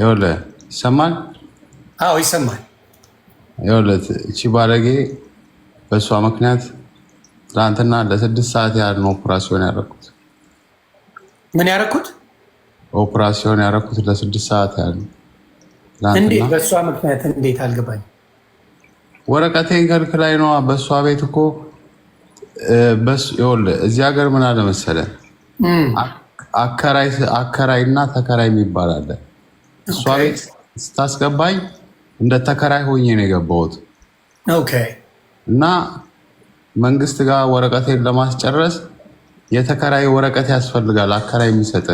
ይኸውልህ ይሰማል? አዎ ይሰማል። ይኸውልህ እቺ ባለጌ በእሷ ምክንያት ትናንትና ለስድስት ሰዓት ያህል ነው ኦፕራሲዮን ያደረኩት። ምን ያደረኩት? ኦፕራሲዮን ያደረኩት ለስድስት ሰዓት ያህል ነው። እንዴት በእሷ ምክንያት? እንዴት አልገባኝ። ወረቀቴን ከልክ ላይ ነዋ። በእሷ ቤት እኮ ይኸውልህ እዚህ ሀገር ምን አለ መሰለህ አከራይና ተከራይ የሚባል አለ እሷ ቤት ስታስገባኝ እንደ ተከራይ ሆኜ ነው የገባሁት እና መንግስት ጋር ወረቀቴን ለማስጨረስ የተከራይ ወረቀት ያስፈልጋል። አከራይ የሚሰጥ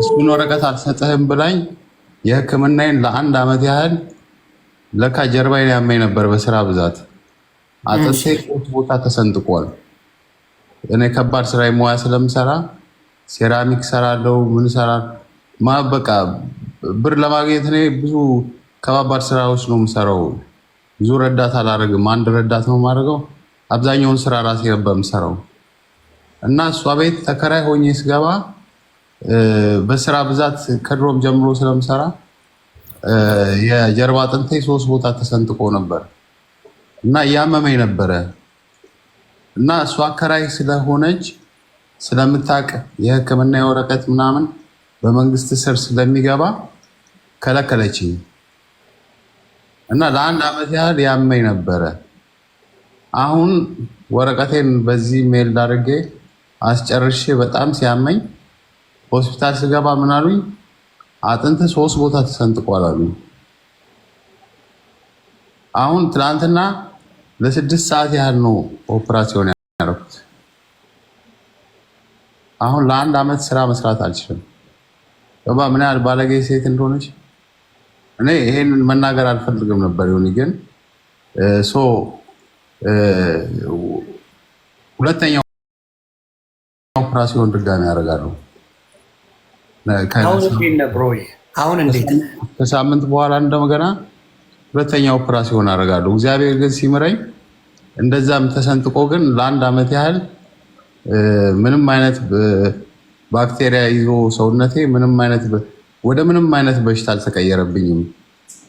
እሱን ወረቀት አልሰጥህም ብላኝ የሕክምናዬን ለአንድ አመት ያህል ለካ ጀርባዬን ያመኝ ነበር በስራ ብዛት አጥንቴ ቁርጥ ቦታ ተሰንጥቋል። እኔ ከባድ ስራ ሙያ ስለምሰራ ሴራሚክ ሰራለው ምን ሰራ በቃ ብር ለማግኘት እኔ ብዙ ከባባድ ስራዎች ነው የምሰራው። ብዙ ረዳት አላደርግም። አንድ ረዳት ነው የማደርገው። አብዛኛውን ስራ ራሴ ነበር የምሰራው እና እሷ ቤት ተከራይ ሆኜ ስገባ በስራ ብዛት ከድሮም ጀምሮ ስለምሰራ የጀርባ አጥንቴ ሶስት ቦታ ተሰንጥቆ ነበር እና እያመመኝ ነበረ እና እሷ አከራይ ስለሆነች ስለምታውቅ የሕክምና የወረቀት ምናምን በመንግስት ስር ስለሚገባ ከለከለችኝ እና ለአንድ ዓመት ያህል ያመኝ ነበረ። አሁን ወረቀቴን በዚህ ሜል ዳርጌ አስጨርሼ በጣም ሲያመኝ ሆስፒታል ስገባ ምን አሉኝ? አጥንት ሶስት ቦታ ተሰንጥቋል አሁን ትናንትና ለስድስት ሰዓት ያህል ነው ኦፕራሲዮን ያደረኩት። አሁን ለአንድ ዓመት ስራ መስራት አልችልም። ምን ያህል ባለጌ ሴት እንደሆነች እኔ ይሄንን መናገር አልፈልግም ነበር። ይሁን ግን ሶ ሁለተኛው ኦፕራሲዮን ድጋሚ ያደርጋሉ። ከሳምንት በኋላ እንደገና ሁለተኛ ኦፕራሲዮን አደርጋለሁ። እግዚአብሔር ግን ሲምረኝ እንደዛም ተሰንጥቆ ግን ለአንድ ዓመት ያህል ምንም አይነት ባክቴሪያ ይዞ ሰውነቴ ምንም አይነት ወደ ምንም አይነት በሽታ አልተቀየረብኝም።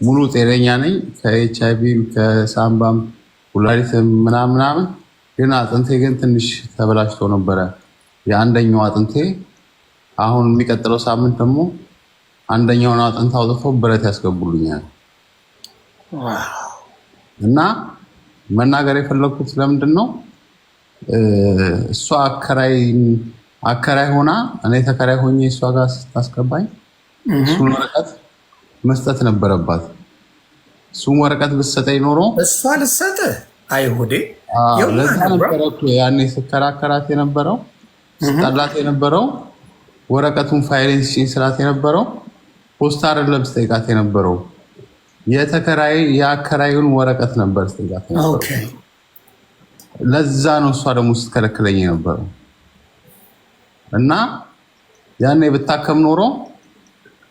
ሙሉ ጤነኛ ነኝ። ከኤች አይቪም ከሳምባም ኩላሊትም ምናምን ግን አጥንቴ ግን ትንሽ ተበላሽቶ ነበረ። የአንደኛው አጥንቴ አሁን የሚቀጥለው ሳምንት ደግሞ አንደኛውን አጥንት አውጥተው ብረት ያስገቡልኛል። እና መናገር የፈለግኩት ለምንድን ነው እሷ አከራይ ሆና እኔ ተከራይ ሆኜ እሷ ጋር ስታስገባኝ እሱን ወረቀት መስጠት ነበረባት። እሱም ወረቀት ብትሰጠኝ ኖሮ እሷ ልሰጥ አይሁዴ ያኔ ስከራከራት የነበረው ስጠላት የነበረው ወረቀቱን ፋይሌንስ ስጪኝ ስላት የነበረው ፖስታ አይደለም ስጠይቃት የነበረው የተከራይ የአከራዩን ወረቀት ነበር ስጠይቃት ለዛ ነው እሷ ደግሞ ስትከለክለኝ የነበረው እና ያኔ ብታከም ኖሮ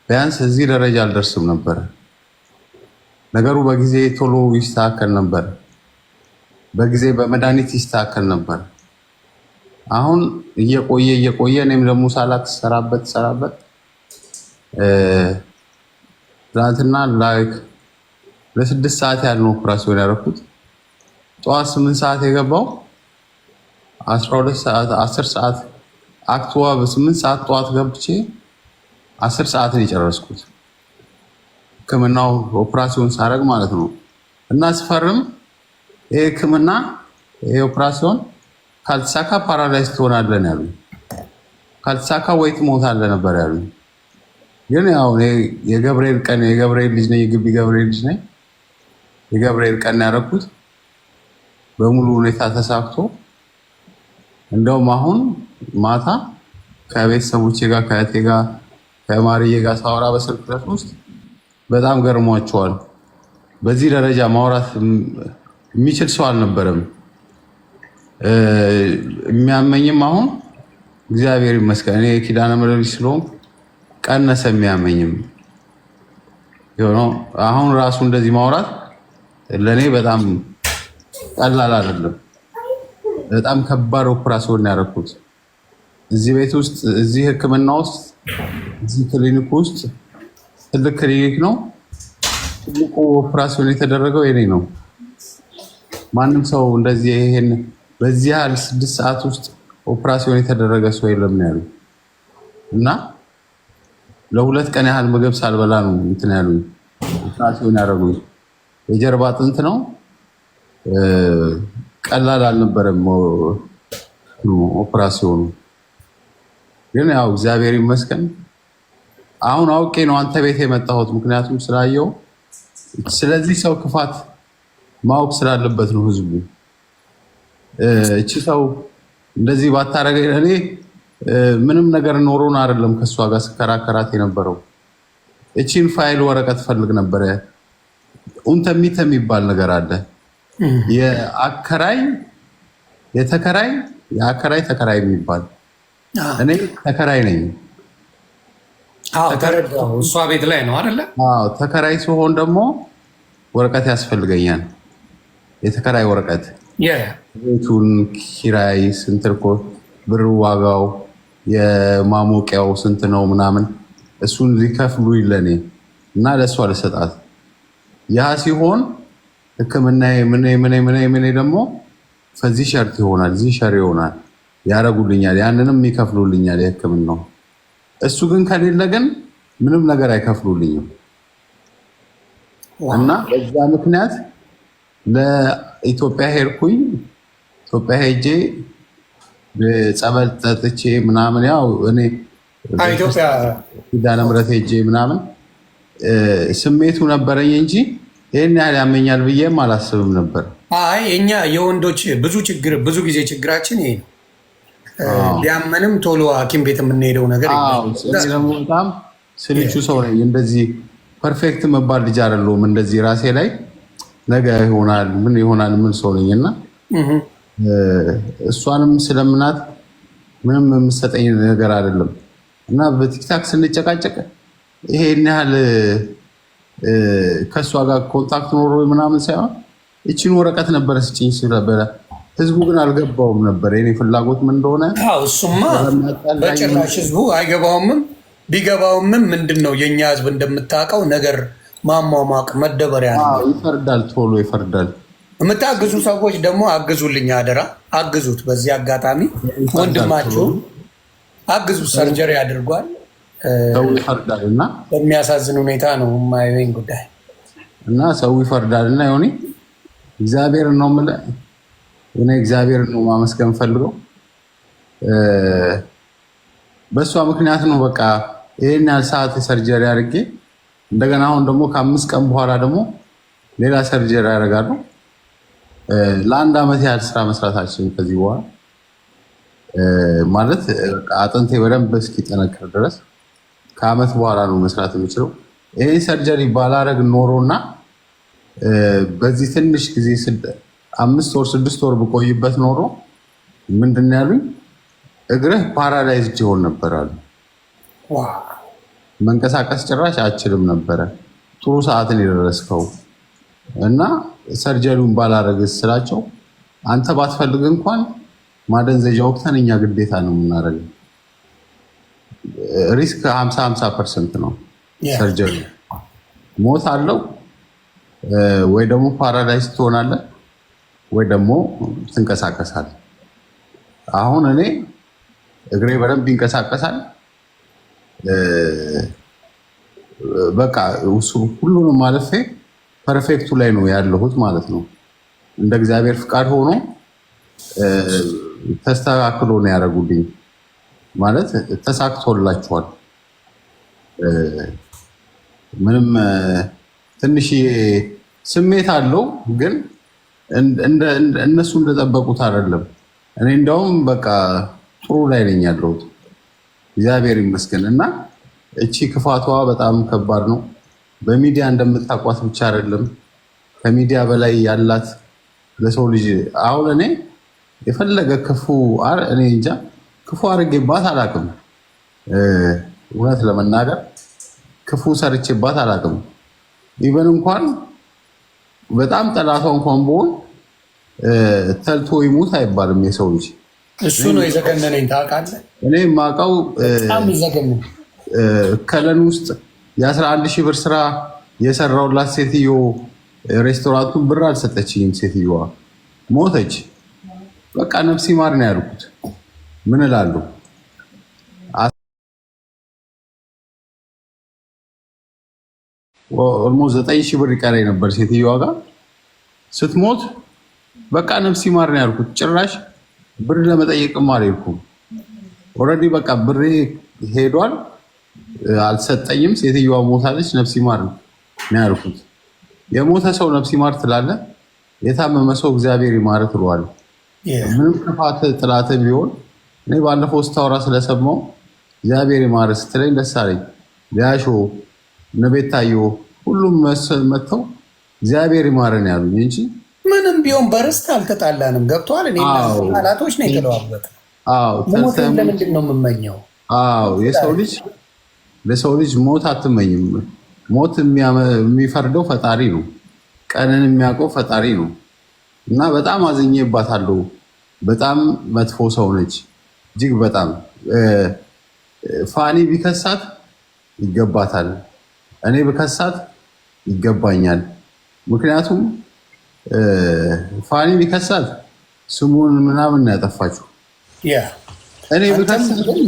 ቢያንስ እዚህ ደረጃ አልደርስም ነበረ። ነገሩ በጊዜ ቶሎ ይስተካከል ነበር። በጊዜ በመድኃኒት ይስተካከል ነበር። አሁን እየቆየ እየቆየ እኔም ደግሞ ሳላት ሰራበት ሰራበት ትናንትና ላይክ ለስድስት ሰዓት ነው ኦፕራሲዮን ያደረኩት ጠዋት ስምንት ሰዓት የገባው አስራ ሁለት ሰዓት አስር ሰዓት አክትዋ በስምንት ሰዓት ጠዋት ገብቼ አስር ሰዓትን የጨረስኩት ህክምናው ኦፕራሲዮን ሳረግ ማለት ነው። እና ስፈርም ይህ ህክምና ይህ ኦፕራሲዮን ካልተሳካ ፓራላይዝ ትሆናለን ያሉ፣ ካልተሳካ ወይ ትሞታለህ ነበር ያሉ። ግን ያው የገብርኤል ቀን የገብርኤል ልጅ ነኝ፣ የግቢ ገብርኤል ልጅ ነኝ። የገብርኤል ቀን ያደረኩት በሙሉ ሁኔታ ተሳክቶ እንደውም አሁን ማታ ከቤተሰቦቼ ጋር ከእቴ ጋር ከማርዬ ጋር ሳወራ በስልክ ውስጥ በጣም ገርሟቸዋል። በዚህ ደረጃ ማውራት የሚችል ሰው አልነበረም። የሚያመኝም አሁን እግዚአብሔር ይመስገን እኔ ኪዳነ ምሕረት ስለሆንኩ ቀነሰ። የሚያመኝም የሆነው አሁን ራሱ እንደዚህ ማውራት ለእኔ በጣም ቀላል አይደለም። በጣም ከባድ ኦፕራሲዮን ያደረኩት እዚህ ቤት ውስጥ እዚህ ህክምና ውስጥ እዚህ ክሊኒክ ውስጥ ትልቅ ክሊኒክ ነው። ትልቁ ኦፕራሲዮን የተደረገው የኔ ነው። ማንም ሰው እንደዚህ ይሄን በዚህ ያህል ስድስት ሰዓት ውስጥ ኦፕራሲዮን የተደረገ ሰው የለም ነው ያሉ እና ለሁለት ቀን ያህል ምግብ ሳልበላ ነው እንትን ያሉ ኦፕራሲዮን ያደረጉ የጀርባ አጥንት ነው። ቀላል አልነበረም ኦፕራሲዮኑ። ግን ያው እግዚአብሔር ይመስገን አሁን አውቄ ነው አንተ ቤት የመጣሁት፣ ምክንያቱም ስላየው። ስለዚህ ሰው ክፋት ማወቅ ስላለበት ነው ህዝቡ። እቺ ሰው እንደዚህ ባታረገ እኔ ምንም ነገር ኖሮን አይደለም ከእሷ ጋር ስከራከራት የነበረው። እቺን ፋይል ወረቀት ፈልግ ነበረ። ኡንተሚተ የሚባል ነገር አለ። የአከራይ የተከራይ የአከራይ ተከራይ የሚባል እኔ ተከራይ ነኝ። እሷ ቤት ላይ ነው አይደለ? ተከራይ ሲሆን ደግሞ ወረቀት ያስፈልገኛል። የተከራይ ወረቀት ቤቱን ኪራይ ስንት እኮ ብር፣ ዋጋው፣ የማሞቂያው ስንት ነው ምናምን እሱን ሊከፍሉ ይለኔ እና ለእሷ ልሰጣት። ያ ሲሆን ህክምና ምን ምን ምን ደግሞ ፈዚህ ሸርት ይሆናል፣ ዚህ ሸር ይሆናል ያደረጉልኛል ያንንም ይከፍሉልኛል የህክምናው እሱ ግን ከሌለ ግን ምንም ነገር አይከፍሉልኝም እና በዛ ምክንያት ለኢትዮጵያ ሄድኩኝ። ኢትዮጵያ ሄጄ ጸበል ጠጥቼ ምናምን ያው እኔ ኪዳነ ምሕረት ሄጄ ምናምን ስሜቱ ነበረኝ እንጂ ይህን ያህል ያመኛል ብዬም አላስብም ነበር። አይ እኛ የወንዶች ብዙ ችግር ብዙ ጊዜ ችግራችን ይሄ ነው። ሊያመንም ቶሎ ሐኪም ቤት የምንሄደው ነገር ስልቹ ሰው ነኝ። እንደዚህ ፐርፌክት መባል ልጅ አይደለሁም። እንደዚህ ራሴ ላይ ነገ ይሆናል ምን ይሆናል ምን ሰው ነኝ እና እሷንም ስለምናት ምንም የምሰጠኝ ነገር አይደለም እና በቲክታክ ስንጨቃጨቅ ይሄን ያህል ከእሷ ጋር ኮንታክት ኖሮ ምናምን ሳይሆን እችን ወረቀት ነበረ ስጭኝ ስለበላ ህዝቡ ግን አልገባውም ነበር የኔ ፍላጎት ምን እንደሆነ። እሱማ በጭራሽ ህዝቡ አይገባውምም። ቢገባውምም ምንድን ነው የእኛ ህዝብ እንደምታውቀው ነገር ማሟሟቅ መደበሪያ ነው። ይፈርዳል፣ ቶሎ ይፈርዳል። የምታግዙ ሰዎች ደግሞ አግዙልኝ፣ አደራ አግዙት። በዚህ አጋጣሚ ወንድማችሁ አግዙት፣ ሰርጀሪ አድርጓል። ሰው ይፈርዳል እና በሚያሳዝን ሁኔታ ነው የማይወኝ ጉዳይ እና ሰው ይፈርዳል እና ሆኔ እግዚአብሔር ነው የምልህ እኔ እግዚአብሔር ነው ማመስገን ፈልገው በእሷ ምክንያት ነው። በቃ ይህን ያህል ሰዓት ሰርጀሪ አድርጌ እንደገና አሁን ደግሞ ከአምስት ቀን በኋላ ደግሞ ሌላ ሰርጀሪ ያደርጋሉ። ለአንድ ዓመት ያህል ስራ መስራታችን ከዚህ በኋላ ማለት አጥንቴ በደንብ እስኪጠነክር ድረስ ከአመት በኋላ ነው መስራት የሚችለው። ይህን ሰርጀሪ ባላረግ ኖሮና በዚህ ትንሽ ጊዜ አምስት ወር ስድስት ወር ብቆይበት ኖሮ ምንድን ነው ያሉኝ፣ እግርህ ፓራላይዝድ ይሆን ነበር አሉ። መንቀሳቀስ ጭራሽ አችልም ነበረ። ጥሩ ሰዓትን የደረስከው እና ሰርጀሪውን ባላረግ ስላቸው፣ አንተ ባትፈልግ እንኳን ማደንዘዣ ወቅተን እኛ ግዴታ ነው የምናደርገው። ሪስክ 50 50 ፐርሰንት ነው። ሰርጀሪ ሞት አለው ወይ ደግሞ ፓራላይዝ ትሆናለህ ወይ ደግሞ ትንቀሳቀሳል። አሁን እኔ እግሬ በደንብ ይንቀሳቀሳል። በቃ ሁሉንም ማለፌ ፐርፌክቱ ላይ ነው ያለሁት ማለት ነው። እንደ እግዚአብሔር ፍቃድ ሆኖ ተስተካክሎ ነው ያደረጉልኝ ማለት ተሳክቶላችኋል። ምንም ትንሽ ስሜት አለው ግን እነሱ እንደጠበቁት አይደለም። እኔ እንደውም በቃ ጥሩ ላይ ነኝ ያለሁት እግዚአብሔር ይመስገን። እና እቺ ክፋቷ በጣም ከባድ ነው። በሚዲያ እንደምታቋት ብቻ አይደለም ከሚዲያ በላይ ያላት ለሰው ልጅ አሁን እኔ የፈለገ ክፉ እኔ እንጃ ክፉ አድርጌባት አላቅም። እውነት ለመናገር ክፉ ሰርቼባት አላቅም። ኢቨን እንኳን በጣም ጠላቷ እንኳን በሆን ተልቶ ይሙት አይባልም። የሰው ልጅ እሱ ነው የዘገነነኝ። ታውቃለህ፣ እኔ የማውቀው ከለን ውስጥ የ11 ሺህ ብር ስራ የሰራውላት ሴትዮ ሬስቶራንቱን ብር አልሰጠችኝም። ሴትዮዋ ሞተች። በቃ ነፍሲ ማር ነው ያልኩት። ምን እላለሁ? ኦልሞስት ዘጠኝ ሺህ ብር ይቀረኝ ነበር ሴትዮዋ ጋር ስትሞት በቃ ነፍስ ይማር ነው ያልኩት። ጭራሽ ብር ለመጠየቅም አልሄድኩም። ኦልሬዲ በቃ ብሬ ሄዷል፣ አልሰጠኝም። ሴትዮዋ ሞታለች፣ ነፍስ ይማር ነው ያልኩት። የሞተ ሰው ነፍስ ይማር ትላለ፣ የታመመ ሰው እግዚአብሔር ይማር ትሏል። ምንም ክፋት ጥላት ቢሆን እኔ ባለፈው ስታወራ ስለሰማው እግዚአብሔር ይማር ስትለኝ ደስ አለኝ። ነቤታዩ ታየ ሁሉም መጥተው እግዚአብሔር ይማረን ያሉ እንጂ ምንም ቢሆን በርስት አልተጣላንም። ገብተዋል። እኔ ቃላቶች ነው የተለዋወጥ ሞት ለምንድን ነው የምመኘው? አዎ የሰው ልጅ ለሰው ልጅ ሞት አትመኝም። ሞት የሚፈርደው ፈጣሪ ነው። ቀንን የሚያውቀው ፈጣሪ ነው። እና በጣም አዝኜባታለሁ። በጣም መጥፎ ሰው ነች። እጅግ በጣም ፋኒ ቢከሳት ይገባታል። እኔ ብከሳት ይገባኛል። ምክንያቱም ፋኒ ቢከሳት ስሙን ምናምን ያጠፋችሁ እኔ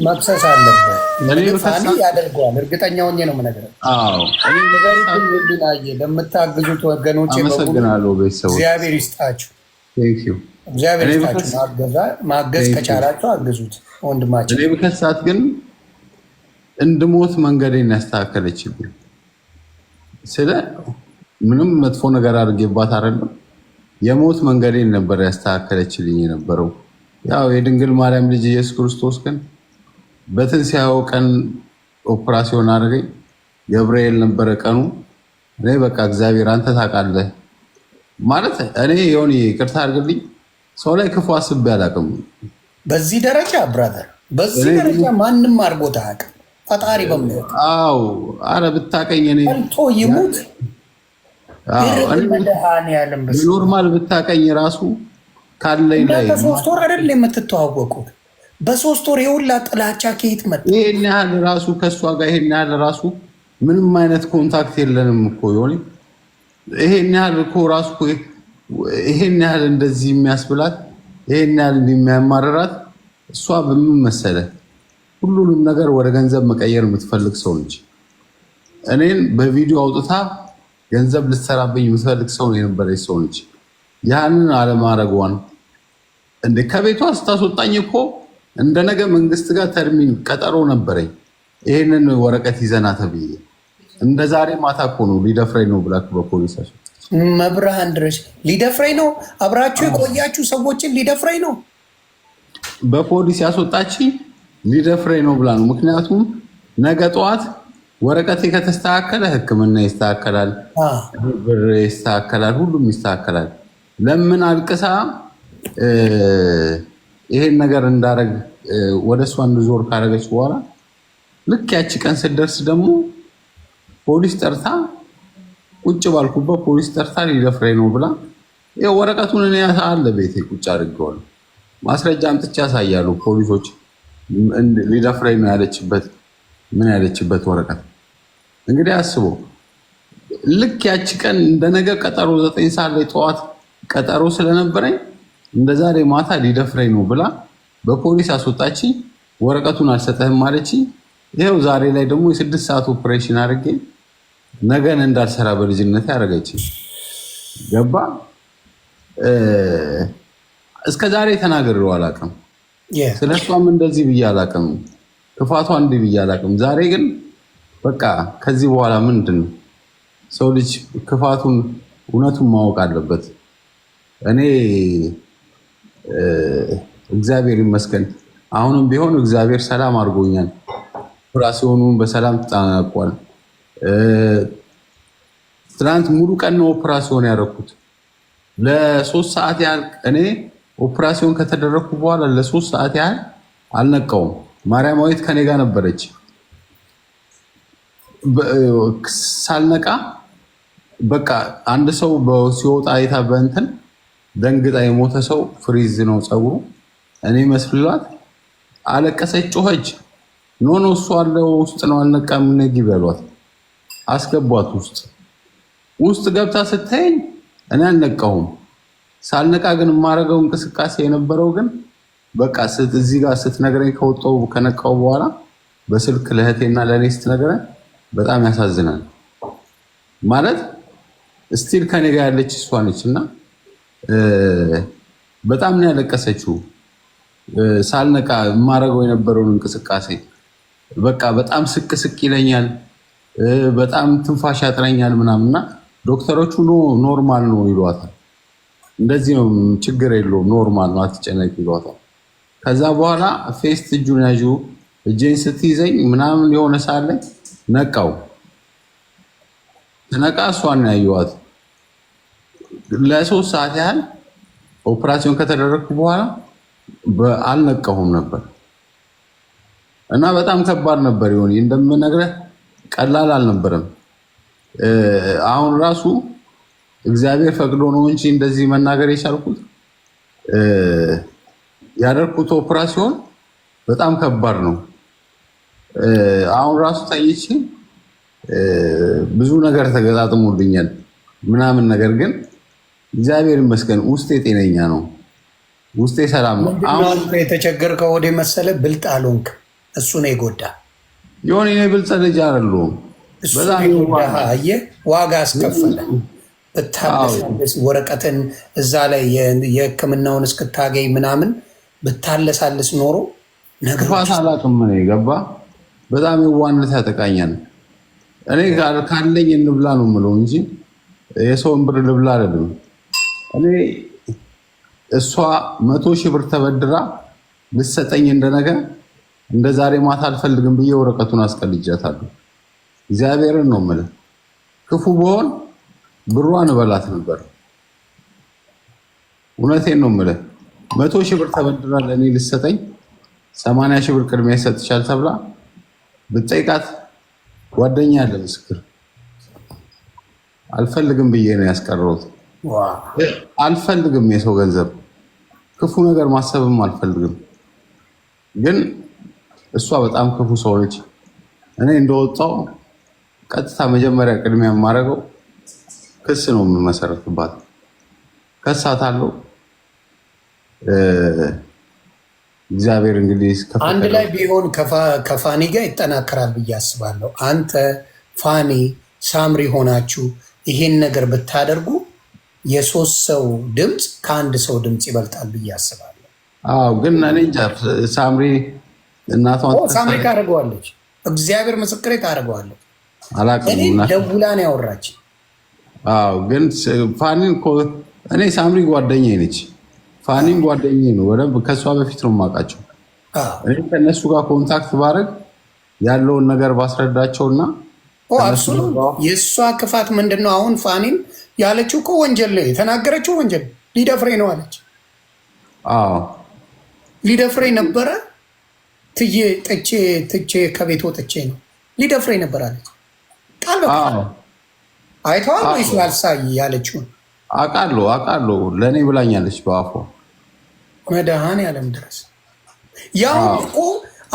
መክሰስ ለምታግዙት አመሰግናለሁ። ቤተሰቦች እግዚአብሔር ይስጣችሁ። እግዚአብሔር ይስጣችሁ። ማገዝ ከቻላችሁ አግዙት ወንድማችን። እኔ ብከሳት ግን እንድሞት መንገዴን ያስተካከለችብኝ ስለ ምንም መጥፎ ነገር አድርጌባት አይደለም። የሞት መንገዴን ነበር ያስተካከለችልኝ የነበረው። ያው የድንግል ማርያም ልጅ ኢየሱስ ክርስቶስ ግን ሲያው ቀን ኦፕራሲዮን አድርገኝ። ገብርኤል ነበረ ቀኑ። እኔ በቃ እግዚአብሔር አንተ ታውቃለህ ማለት እኔ የሆን ይቅርታ አድርግልኝ፣ ሰው ላይ ክፉ አስቤ አላውቅም። በዚህ ደረጃ ብራዘር፣ በዚህ ደረጃ ማንም አድርጎት አያውቅም። ፈጣሪ በምለት አዎ፣ አረ ብታቀኝ እኔ እንቶ ይሙት ኖርማል ብታቀኝ ራሱ ካለኝ ላይ በሶስት ወር አይደል የምትተዋወቁት? በሶስት ወር የሁላ ጥላቻ ከየት መጣ? ይሄን ያህል ራሱ ከእሷ ጋር ይሄን ያህል ራሱ ምንም አይነት ኮንታክት የለንም እኮ ሆኔ ይሄን ያህል እኮ ራሱ ይሄን ያህል እንደዚህ የሚያስብላት ይሄን ያህል የሚያማርራት እሷ በምን መሰለህ ሁሉንም ነገር ወደ ገንዘብ መቀየር የምትፈልግ ሰው እንጂ እኔን በቪዲዮ አውጥታ ገንዘብ ልትሰራብኝ የምትፈልግ ሰው የነበረች ሰው እንጂ ያንን አለማድረጓን እንደ ከቤቷ ስታስወጣኝ እኮ እንደ ነገ መንግስት ጋር ተርሚን ቀጠሮ ነበረኝ። ይህንን ወረቀት ይዘና ተብዬ እንደ ዛሬ ማታ እኮ ነው ሊደፍረኝ ነው ብላ በፖሊስ መብርሃን ድረሽ ሊደፍረኝ ነው። አብራችሁ የቆያችሁ ሰዎችን ሊደፍረኝ ነው በፖሊስ ያስወጣችኝ ሊደፍረኝ ነው ብላ ነው። ምክንያቱም ነገ ጠዋት ወረቀቴ ከተስተካከለ ሕክምና ይስተካከላል፣ ብር ይስተካከላል፣ ሁሉም ይስተካከላል። ለምን አልቅሳ ይሄን ነገር እንዳረግ ወደ እሷ እንድዞር ካደረገች በኋላ ልክ ያቺ ቀን ስትደርስ ደግሞ ፖሊስ ጠርታ ቁጭ ባልኩበት ፖሊስ ጠርታ ሊደፍረኝ ነው ብላ ወረቀቱን እኔ አለ ቤቴ ቁጭ አድርገዋል። ማስረጃ አምጥቼ ያሳያሉ ፖሊሶች ሊደፍረኝ ነው ያለችበት ምን ያለችበት ወረቀት እንግዲህ አስቦ ልክ ያቺ ቀን እንደነገ ቀጠሮ ዘጠኝ ሰዓት ላይ ጠዋት ቀጠሮ ስለነበረኝ እንደዛሬ ማታ ሊደፍረኝ ነው ብላ በፖሊስ አስወጣች። ወረቀቱን አልሰጠህም አለች። ይኸው ዛሬ ላይ ደግሞ የስድስት ሰዓት ኦፕሬሽን አድርጌ ነገን እንዳልሰራ በልጅነት ያደረገች ገባ። እስከ ዛሬ ተናግሬው አላውቅም። ስለ እሷም እንደዚህ ብዬ አላቅም፣ ክፋቷ እንዲህ ብዬ አላቅም። ዛሬ ግን በቃ ከዚህ በኋላ ምንድን ነው ሰው ልጅ ክፋቱን እውነቱን ማወቅ አለበት። እኔ እግዚአብሔር ይመስገን አሁንም ቢሆን እግዚአብሔር ሰላም አድርጎኛል። ራስ የሆኑን በሰላም ተጠናቋል። ትናንት ሙሉ ቀን ነው ኦፕራሲዮን ያደረኩት ለሶስት ሰዓት ያህል እኔ ኦፕራሲዮን ከተደረግኩ በኋላ ለሶስት ሰዓት ያህል አልነቃውም። ማርያማዊት ከኔ ጋር ነበረች። ሳልነቃ በቃ አንድ ሰው ሲወጣ አይታ በእንትን ደንግጣ የሞተ ሰው ፍሪዝ ነው ፀጉሩ። እኔ መስፍላት አለቀሰች፣ ጮኸች። ኖ ኖ እሱ አለው ውስጥ ነው አልነቃም፣ ነግ ይበሏት፣ አስገቧት ውስጥ ውስጥ ገብታ ስታየኝ እኔ አልነቃሁም። ሳልነቃ ግን የማደርገው እንቅስቃሴ የነበረው ግን በቃ እዚህ ጋር ስትነግረኝ ከወጣሁ ከነቃው በኋላ በስልክ ለእህቴና ለእኔ ስትነግረኝ በጣም ያሳዝናል። ማለት እስቲል ከኔ ጋር ያለች እሷ ነች እና በጣም ነው ያለቀሰችው። ሳልነቃ የማደርገው የነበረውን እንቅስቃሴ በቃ በጣም ስቅ ስቅ ይለኛል፣ በጣም ትንፋሽ ያጥረኛል ምናምንና ዶክተሮቹ ኖርማል ነው ይሏታል እንደዚህ ነው፣ ችግር የለውም ኖርማል ነው፣ አትጨነቂ ይሏታል። ከዛ በኋላ ፌስት እጁን ያዥ እጄን ስትይዘኝ ምናምን የሆነ ሳለ ነቃው። ስነቃ እሷን ያየዋት ለሶስት ሰዓት ያህል ኦፕራሲዮን ከተደረግኩ በኋላ አልነቀሁም ነበር እና በጣም ከባድ ነበር። የሆነ እንደምነግረህ ቀላል አልነበረም። አሁን ራሱ እግዚአብሔር ፈቅዶ ነው እንጂ እንደዚህ መናገር የቻልኩት። ያደርኩት ኦፕራሲዮን በጣም ከባድ ነው። አሁን ራሱ ተኝቼ ብዙ ነገር ተገጣጥሞልኛል ምናምን፣ ነገር ግን እግዚአብሔር ይመስገን ውስጤ ጤነኛ ነው፣ ውስጤ ሰላም ነው። አሁን የተቸገርከው ወደ መሰለ ብልጥ አልሆንክ፣ እሱ ነው የጎዳ የሆነ ብልጥ ልጅ አይደለሁም። እሱ ዋጋ አስከፈለ እታለሳለስ ወረቀትን እዛ ላይ የህክምናውን እስክታገኝ ምናምን ብታለሳለስ ኖሮ ነግሯት አላውቅም። እኔ በጣም የዋነት ያጠቃኛል። እኔ ካለኝ እንብላ ነው የምለው እንጂ የሰውን ብር ልብላ አይደለም። እኔ እሷ መቶ ሺህ ብር ተበድራ ልሰጠኝ እንደነገ እንደ ዛሬ ማታ አልፈልግም ብዬ ወረቀቱን አስቀልጃታለሁ። እግዚአብሔርን ነው የምልህ ክፉ በሆን ብሯን እበላት ነበር። እውነቴን ነው የምልህ። መቶ ሺህ ብር ተበድራ ለእኔ ልሰጠኝ ሰማንያ ሺህ ብር ቅድሚያ ይሰጥሻል ተብላ ብጠይቃት ጓደኛ ያለ ምስክር አልፈልግም ብዬ ነው ያስቀረሁት። አልፈልግም የሰው ገንዘብ ክፉ ነገር ማሰብም አልፈልግም። ግን እሷ በጣም ክፉ ሰው ነች። እኔ እንደወጣው ቀጥታ መጀመሪያ ቅድሚያ የማደርገው ክስ ነው የምመሰረትባት። ከሳታለሁ። እግዚአብሔር እንግዲህ አንድ ላይ ቢሆን ከፋኒ ጋር ይጠናከራል ብዬ አስባለሁ። አንተ ፋኒ ሳምሪ ሆናችሁ ይሄን ነገር ብታደርጉ የሶስት ሰው ድምፅ ከአንድ ሰው ድምፅ ይበልጣል ብዬ አስባለሁ። አዎ፣ ግን እኔ እንጃ ሳምሪ እናቷን ሳምሪ ታደርገዋለች። እግዚአብሔር ምስክሬ ታደርገዋለች። እኔ ደውላ ነው ያወራችን አዎ ግን ፋኒን እኔ ሳምሪ ጓደኝ ነች። ፋኒን ጓደኛ ነው፣ በደንብ ከእሷ በፊት ነው የማውቃቸው። እኔ ከእነሱ ጋር ኮንታክት ባደረግ ያለውን ነገር ባስረዳቸውና የእሷ ክፋት ምንድን ነው? አሁን ፋኒን ያለችው እኮ ወንጀል ላይ የተናገረችው ወንጀል ሊደፍሬ ነው አለች። ሊደፍሬ ነበረ ትቼ ከቤት ወጥቼ ነው ሊደፍሬ ነበር አለች ጣል አይተዋል ወይስ አልሳይ ያለችው? አውቃለሁ አውቃለሁ፣ ለእኔ ብላኛለች በአፎ መድኃኔዓለም ድረስ። ያው እኮ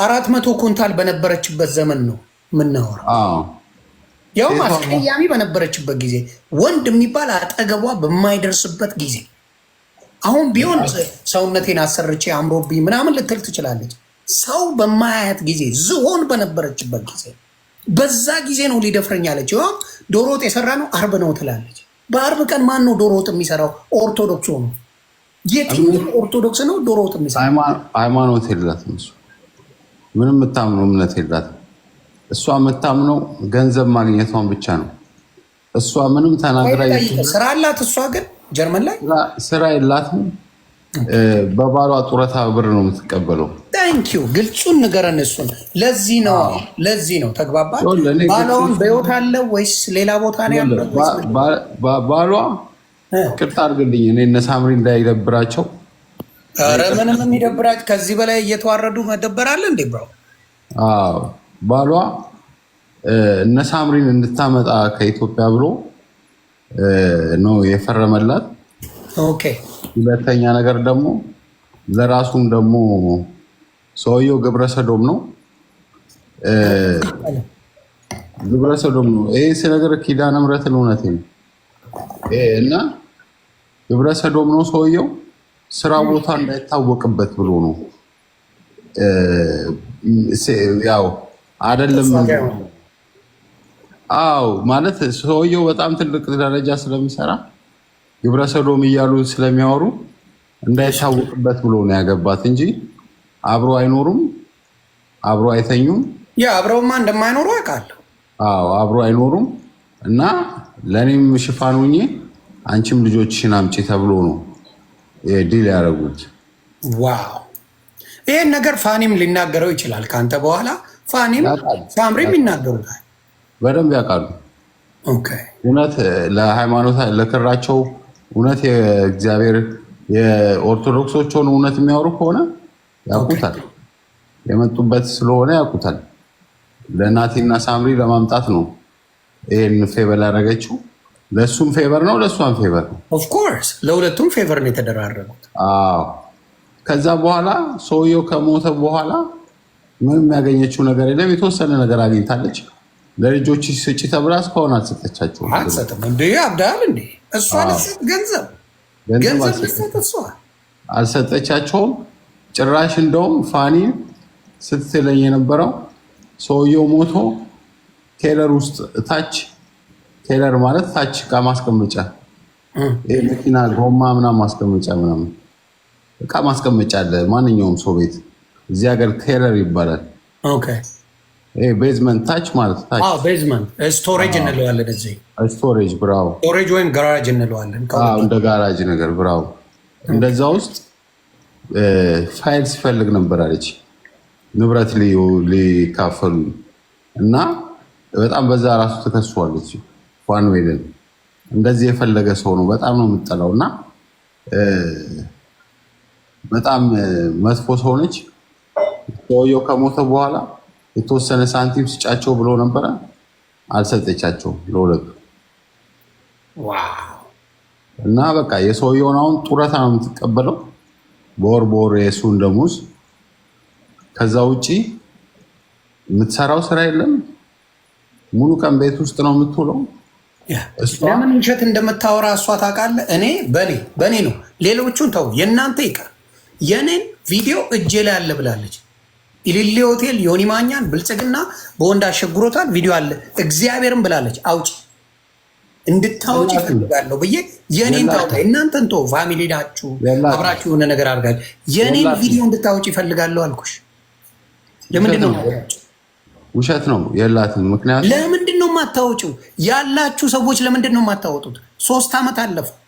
አራት መቶ ኩንታል በነበረችበት ዘመን ነው የምናወራ። ያውም አስቀያሚ በነበረችበት ጊዜ ወንድ የሚባል አጠገቧ በማይደርስበት ጊዜ። አሁን ቢሆን ሰውነቴን አሰርቼ አምሮብኝ ምናምን ልትል ትችላለች። ሰው በማያያት ጊዜ ዝሆን በነበረችበት ጊዜ በዛ ጊዜ ነው ሊደፍረኝ አለች። ዶሮ ወጥ የሰራ ነው አርብ ነው ትላለች። በአርብ ቀን ማን ነው ዶሮ ወጥ የሚሰራው? ኦርቶዶክስ ሆኖ የትኛው ኦርቶዶክስ ነው ዶሮ ወጥ የሚሰራው? ሃይማኖት የላትም እሱ ምንም የምታምነው እምነት የላትም። እሷ የምታምነው ገንዘብ ማግኘቷን ብቻ ነው። እሷ ምንም ተናግራ ስራ አላት። እሷ ግን ጀርመን ላይ ስራ የላትም። በባሏ ጡረታ ብር ነው የምትቀበለው። ታንኪዩ ግልጹን ነገር እሱን። ለዚህ ነው ለዚህ ነው ተግባባል። ባሏውን በህይወት አለ ወይስ ሌላ ቦታ ነው ያለው? ባሏ ቅርታ አድርግልኝ፣ እኔ እነ ሳምሪ እንዳይደብራቸው። ኧረ ምንም የሚደብራቸው ከዚህ በላይ እየተዋረዱ መደበር አለ እንዴ? ብረው ባሏ እነ ሳምሪን እንድታመጣ ከኢትዮጵያ ብሎ ነው የፈረመላት። ኦኬ ሁለተኛ ነገር ደግሞ ለራሱም ደግሞ ሰውየው ግብረሰዶም ነው ግብረሰዶም ነው። ይህ ስነገር ኪዳነ ምሕረትን እውነት ነው እና ግብረሰዶም ነው ሰውየው ስራ ቦታ እንዳይታወቅበት ብሎ ነው። ያው አይደለም። ማለት ሰውየው በጣም ትልቅ ደረጃ ስለሚሰራ ግብረሰሎም እያሉ ስለሚያወሩ እንዳይታወቅበት ብሎ ነው ያገባት እንጂ አብሮ አይኖሩም፣ አብሮ አይተኙም። ያ አብረውማ እንደማይኖሩ አውቃለሁ። አዎ አብሮ አይኖሩም እና ለእኔም ሽፋን ሁኜ አንቺም ልጆችሽን አምጪ ተብሎ ነው ድል ያደረጉት። ዋው ይህን ነገር ፋኒም ሊናገረው ይችላል። ከአንተ በኋላ ፋኒም ሳምሪም ይናገሩታል፣ በደንብ ያውቃሉ። እውነት ለሃይማኖት ለክራቸው እውነት የእግዚአብሔር የኦርቶዶክሶች እውነት የሚያወሩ ከሆነ ያውቁታል። የመጡበት ስለሆነ ያውቁታል። ለናቲና ሳምሪ ለማምጣት ነው ይህን ፌቨር ያደረገችው። ለእሱም ፌቨር ነው፣ ለእሷም ፌቨር ነው። ኦፍኮርስ ለሁለቱም ፌቨር ነው የተደራረጉት። አዎ ከዛ በኋላ ሰውየው ከሞተ በኋላ ምንም ያገኘችው ነገር የለም። የተወሰነ ነገር አግኝታለች። ለልጆች ስጪ ተብላ እስካሁን አልሰጠቻቸው። አትሰጥም እንደ አብዳል እንደ እሷ ልሰጥ ገንዘብ ገንዘብ ልሰጥ እሷ አልሰጠቻቸውም። ጭራሽ እንደውም ፋኒ ስትለኝ የነበረው ሰውየው ሞቶ ቴለር ውስጥ እታች ቴለር ማለት ታች እቃ ማስቀመጫ ይህ መኪና ጎማ ምናምን ማስቀመጫ ምናምን እቃ ማስቀመጫ አለ ማንኛውም ሰው ቤት እዚህ ሀገር ቴለር ይባላል። ቤዝመንት ታች ማለት ታች ቤዝመንት ስቶሬጅ እንለዋለን። እዚህ ስቶሬጅ ብራው ስቶሬጅ ወይም ጋራጅ እንለዋለን። እንደ ጋራጅ ነገር ብራው። እንደዛ ውስጥ ፋይል ሲፈልግ ነበር አለች ንብረት ሊካፈሉ እና በጣም በዛ ራሱ ተከሷለች። ዋን እንደዚህ የፈለገ ሰው ነው በጣም ነው የምጠላው እና በጣም መጥፎ ሰው ነች። ሰውየው ከሞተ በኋላ የተወሰነ ሳንቲም ስጫቸው ብሎ ነበረ። አልሰጠቻቸውም ለሁለቱ እና በቃ የሰውየውን አሁን ጡረታ ነው የምትቀበለው በወር በወር የእሱን ደሞዝ። ከዛ ውጭ የምትሰራው ስራ የለም። ሙሉ ቀን ቤት ውስጥ ነው የምትውለው። ለምን ውሸት እንደምታወራ እሷ ታውቃለህ። እኔ በኔ በኔ ነው ሌሎቹን ተው፣ የእናንተ ይቀር። የእኔን ቪዲዮ እጄ ላይ አለ ብላለች። ኢሊሌ ሆቴል ዮኒ ማኛን ብልጽግና በወንድ አሸግሮታል። ቪዲዮ አለ። እግዚአብሔርም ብላለች አውጭ እንድታወጭ ይፈልጋለሁ ብዬ የኔን ታወጣ እናንተን ቶ ፋሚሊ ናችሁ አብራችሁ የሆነ ነገር አድርጋችሁ የኔን ቪዲዮ እንድታወጭ ይፈልጋለሁ አልኩሽ። ለምንድን ነው ውሸት ነው የላትም ምክንያቱ። ለምንድን ነው የማታወጭው? ያላችሁ ሰዎች ለምንድን ነው የማታወጡት? ሶስት ዓመት አለፈው።